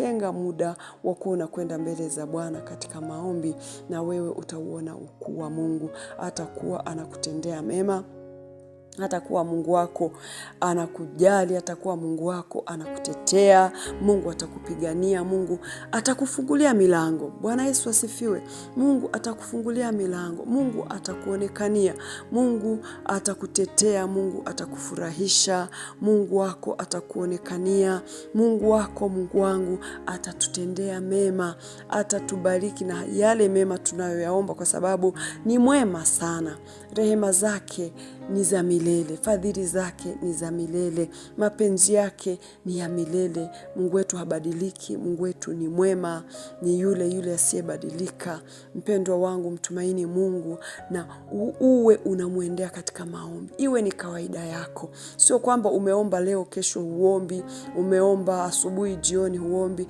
Tenga muda wa kuona kwenda mbele za Bwana katika maombi, na wewe utauona ukuu wa Mungu. Atakuwa anakutendea mema hata kuwa Mungu wako anakujali, hata kuwa Mungu wako anakutetea, Mungu atakupigania, Mungu atakufungulia milango. Bwana Yesu asifiwe. Mungu atakufungulia milango, Mungu atakuonekania, Mungu atakutetea, Mungu atakufurahisha, Mungu wako atakuonekania, Mungu wako, Mungu wangu atatutendea mema, atatubariki na yale mema tunayoyaomba, kwa sababu ni mwema sana. Rehema zake ni za milele, fadhili zake ni za milele, mapenzi yake ni ya milele. Mungu wetu habadiliki, Mungu wetu ni mwema, ni yule yule asiyebadilika. Mpendwa wangu, mtumaini Mungu na uwe unamwendea katika maombi, iwe ni kawaida yako, sio kwamba umeomba leo, kesho huombi, umeomba asubuhi, jioni huombi.